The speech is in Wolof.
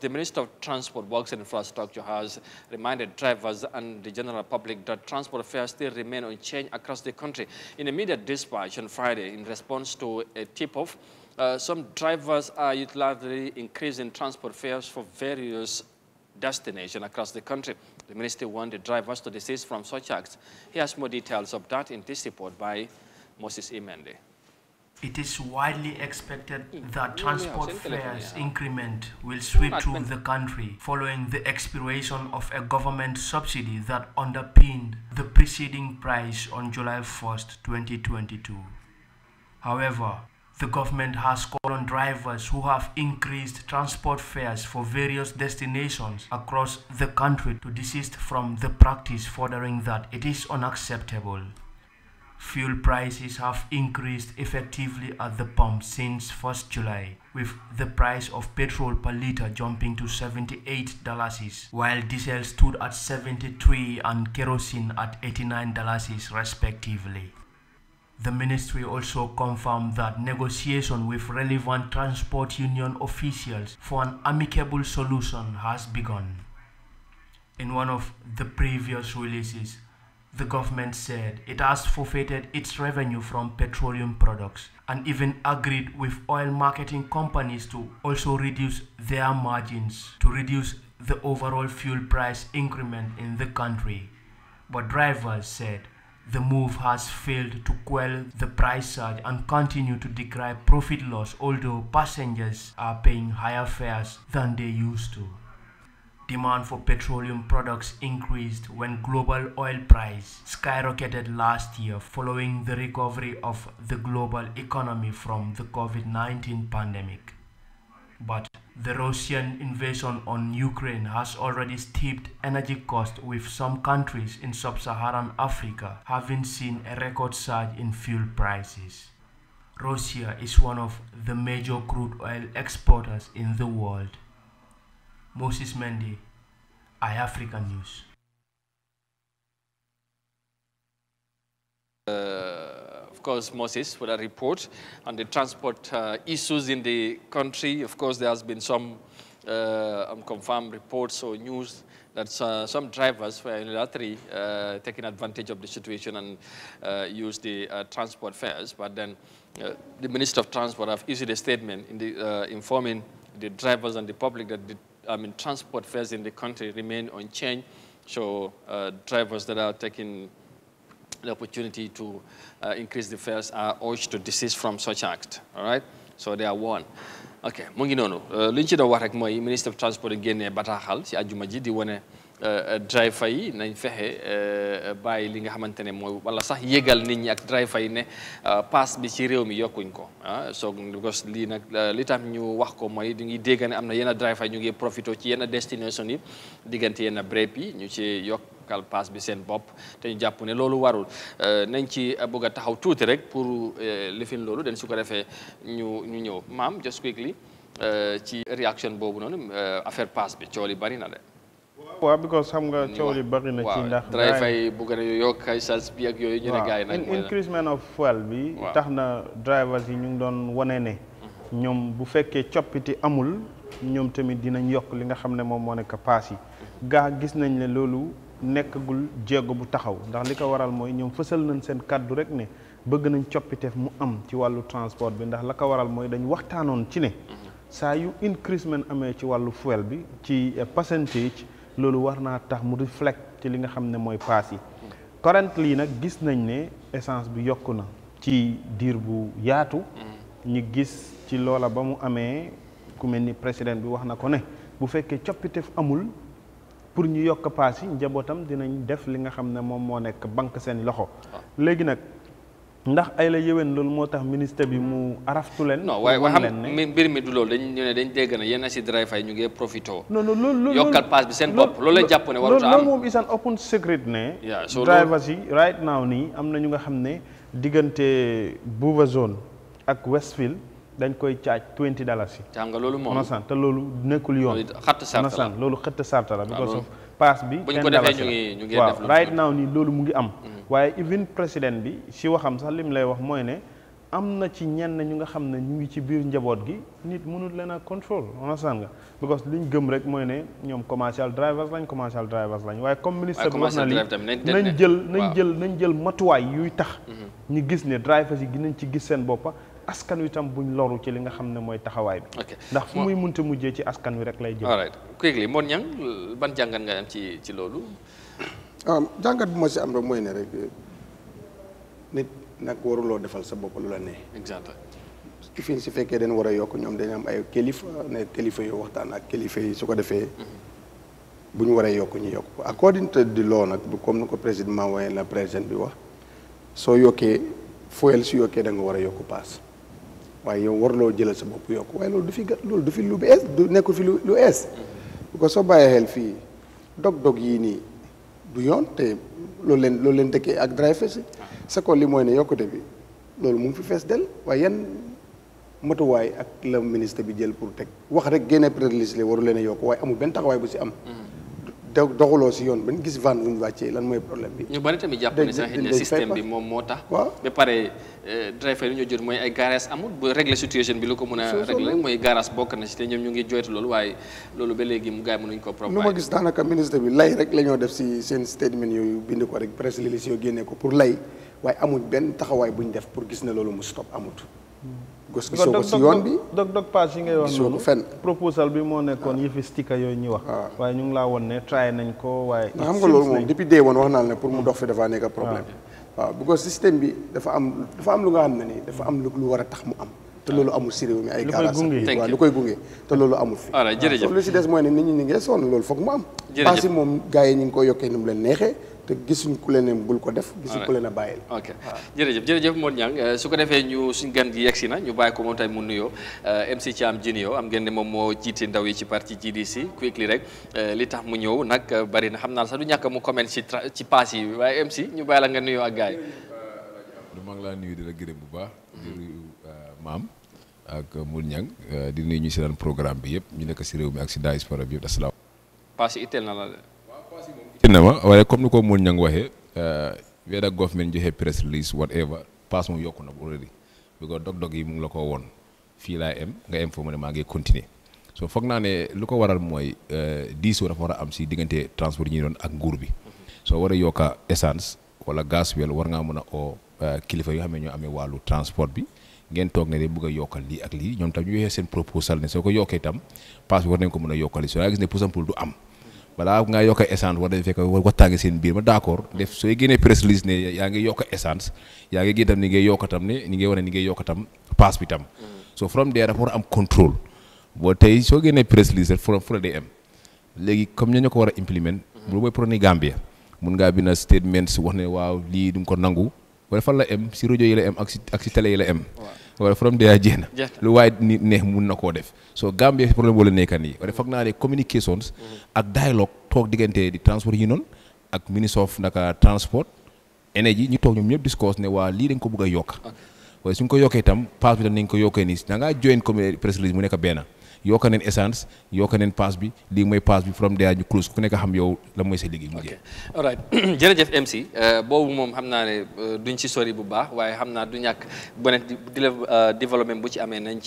The Minister of Transport, Works and Infrastructure has reminded drivers and the general public that transport fares still remain unchanged across the country. In a media dispatch on Friday, in response to a tip-off, uh, some drivers are utilizing increasing transport fares for various destinations across the country. The minister the drivers to desist from such acts. He has more details of that in this report by Moses Imende. It is widely expected mm. that mm, transport fares increment will sweep through the country following the expiration of a government subsidy that underpinned the preceding price on July 1, 2022. However, the government has called on drivers who have increased transport fares for various destinations across the country to desist from the practice, furthering that it is unacceptable. Fuel prices have increased effectively at the pump since 1st July, with the price of petrol per litre jumping to $78, while diesel stood at 73 and kerosene at $89 respectively. The ministry also confirmed that negotiation with relevant transport union officials for an amicable solution has begun. In one of the previous releases, the government said it has forfeited its revenue from petroleum products and even agreed with oil marketing companies to also reduce their margins to reduce the overall fuel price increment in the country. But drivers said the move has failed to quell the price surge and continue to decry profit loss although passengers are paying higher fares than they used to demand for petroleum products increased when global oil price skyrocketed last year following the recovery of the global economy from the COVID-19 pandemic. But the Russian invasion on Ukraine has already steeped energy costs with some countries in sub-Saharan Africa having seen a record surge in fuel prices. Russia is one of the major crude oil exporters in the world. Moses Mendy, iAfrica News. Uh, of course, Moses, for a report on the transport uh, issues in the country. Of course, there has been some uh, unconfirmed reports or news that uh, some drivers were unilaterally uh, taking advantage of the situation and uh, used the uh, transport fares. But then the Minister of Transport have issued a statement in the, informing the drivers and the public that the I mean, transport fares in the country remain unchanged. So uh, drivers that are taking the opportunity to uh, increase the fares are urged to desist from such act, all right? So they are warned. ok munginono, ngi noonu li minister rek of transport again génnee bataaxal si Ajumaji di Euh, euh, drive yi nañ fexe euh, bàyyi li nga xamante ne mooy wala sax yëgal nit ñi ak drive yi ne paas bi ci réew mi yokkuñ ko ah soog because lii nag li tax ñu wax ko mooy ñu ngi dégg ne am na yenn drive yi ñu ngi profité ci yenn destination yi diggante yenn brep yi ñu ci yokk kal bi seen bopp te ñu jàpp ne loolu warul nañ ci bëgg taxaw tuuti rek pour lifin loolu dañ su ko defee ñu ñu ñëw maam just quickly ci réaction boobu noonu affaire paas bi cool yi bari na de waaw because xam nga coow li bëri na ci ndax. dara fay bu gën a yooyu ñu yi nag. increasement of fuel bi. tax na drivers yi ñu ngi doon wane ne. Mhm. ñoom bu fekkee coppiti amul ñoom tamit dinañ yokk li nga xam ne moom moo nekk paas yi. Mhm. gaa gis nañ ne loolu nekkagul jéego bu taxaw ndax li ko waral mooy ñoom fësal nañ seen kàddu rek ne bëgg nañ coppiteef mu am ci wàllu transport bi ndax la ko waral mooy dañ waxtaanoon ci ne. Mhm. saa yu increasement amee ci wàllu fuel bi ci eh, percentage. loolu war naa tax mu di reflect ci li nga xam ne mooy paas yi currently nag gis nañ ne essence bi yokk na ci diir bu yaatu ñu gis ci loola ba mu amee ku mel ni président bi wax na ko ne bu fekkee coppitef amul pour ñu yokk paas yi njabootam dinañ def li nga xam ne moom moo nekk banque seen loxo ah. léegi nag ndax ay la yéwén loolu moo tax ministre bi mu araftu leen. non waaye xam mbir mi du loolu dañ ñu ne dañ dégg na yenn si driver yi ñu ngi profité. non non loolu yokkal paas bi seen bopp loolu la jàpp ne warut a am loolu moom is an open secret ne. drivers yi right now nii am na ñu nga xam ne diggante Buuba zone ak Westfield dañ koy caaj 20 dollars yi. te xam nga loolu moom te loolu nekkul yoon. xëtt sarta la loolu xëtt sarta la. bi. ñu ngi ñu ngi def lu right now nii loolu mu ngi am. Mm-hmm. even président bi si waxam sax li mu lay wax ne. am na ci ñenn ñu nga xam ñu ngi ci biir njaboot gi nit mënul lena control contrôle understand nga because liñ gëm rek mooy ne ñoom commercial drivers lañ commercial drivers lañ waaye comme ministre bi wax na li nañ jël nañ jël nañ jël matuwaay yuy tax mhm. ñu gis ne drivers yi ginañ ci gis seen boppa askan wi tam buñ loru ci li nga xam ne mooy bi ndax fu muy munte mujjee ci askan wi rek lay jëm all right quickly mon ñang ban jàngat nga am ci ci loolu um, jangat bu ma si am rek mooy ne rek nit nag waruloo defal sa bopp lu la neex. exact fii si fekkee dañ war a yokk ñoom dañu am ay kilifa ne kilifa yu waxtaan ak kilifa yi su ko defee. Mm-hmm. bu ñu waree yokk ñu yokk according to the law nag comme ni ko président waaye la président bi wax soo yokkee foyel su yokkee da nga war a yokk paas waaye yow warloo jëlal sa bopp yokk waaye loolu du fi loolu du fi lu bees du nekku fi lu lu ees. Mm-hmm. bu ko soo bàyyee xel fii dog-dog yii nii du yoon te. loolu leen loolu leen dëkkee ak Dreyfus sa ko li mooy ne yokkute bi loolu mu ngi fi fees del waaye yan matuwaay ak la ministre bi jël pour teg wax rek génne préliminaire waru leen yokk waaye amul benn taxawaay bu si am mm. te doxuloo si yoon ba ñu gis vanne bu ñu wàccee lan mooy problème bi. ñu bari tamit jàpp ne sax système bi moom moo tax. waaw ba pare euh, driver yi ñu jot mooy ay garage amul bu régler situation bi lu ko mën a. régler mooy garage bokk na si te ñoom ñu ngi jooytu loolu waaye loolu ba léegi mu gars yi mënuñu ko. proprement lu ma gis daanaka bi lay rek la ñoo def si seen statement yooyu bind ko rek presse release yoo génnee ko pour lay waaye amuñ benn taxawaay bu ñu def pour gis ne loolu mu stop amut. Hmm. gis gisoo ko si yoon bi dog dog page yi ngay wax noonu proposal bi moo nekkoon ah. yëfi sticker yooyu ñuy wax ah. waaye ñu ngi laa woon ne try nañ ko waaye nga xam nga loolu moom depuis day woon wax hmm. ah. système bi dafa am dafa am lu nga xam ne nii dafa am lu war a tax mu am te loolu amul si réew mi ay garage lu koy gunge te loolu amul fi lu si des mooy ne ni ngee sonn loolu foog mu am page yi moom gars ñu ngi koy yokkee ni leen neexee te gisuñ ku leen ne bul ko def gisuñ ku leen a bàyyil ok jërëjëf jërëjëf Modou Niang eh, su ko defee ñu suñ gi ñu ko mu eh, MC Thiam Junior am ngeen ne moom moo jiite ndaw yi ci parti GDC quickly rek eh, li tax mu ñëw nag bari na xam naa du mu comment ci ci yi MC ñu bàyyi la nga nuyoo ak gars du maa ngi laa di la gërëm bu baax jërëjëf maam ak Modou Niang di nuyu ñu si daan programme bi ñu nekk réew mi ak diaspora bi na la innama waaye comme ni ko Mour Niang waxee euh, where the government joxe press release whatever pass moom yokku na already because dog-dog yi mu ngi la koo woon fii laa em nga em foo mu ne maa ngi continuer so foog naa ne lu ko waral mooy euh, diisoo dafa war a am si diggante transport yi ñu doon ak nguur bi soo war a yokka essence wala gasoil war ngaa mën a oo euh, kilifa yoo xam ne ñoo amee wàllu transport bi ngeen toog ne de bëgg a yokkal lii ak lii ñoom tam ñu waxee seen proposal ne soo ko yokkee itam pass bi war nañ ko mën a yokkal li soo yaa gis ne pour du am balaa ngaa yokk essence war nañu fekk waxtaanee seen biir ma d'accord def sooy génnee press release ne yaa ngi yokk essence yaa ngi génn tam ni ngay yokk tam ni ni ngay wane ni ngay yokk tam paas bi tam. so from there am contrôle boo tey soo génnee press release rek fu la am léegi comme ñoo ñu ko war a implement. loolu mooy projet Gambia mun ngaa bind statement wax ne waaw lii du ko nangu. wala fan la em si rajo yi la em ak si ak si télé yi la em wala from dèjà jeex na lu waaye neex mun na koo def so Gambie problème boobu la nekkan yi wala foog naa ne communications mhm. ak dialogue toog diggante di transport union ak ministre of naka transport énergie ñu toog ñoom ñëpp discours ne waa lii dañ ko bëgg a yokk waaye suñ ko yokkee itam paas bi tam nañ ko yokkee nii da ngaa join comme press release mu nekk benn yokka neen essence yokka neen paas bi lii mooy paas bi from there ñu close ku nekk xam yow la mooy sa liggéey mu jërëjëf MC euh, boobu moom xam naa ne euh, duñ ci sori bu baax waaye xam naa du ñàkk beneen euh, développement bu ci amee nañ ci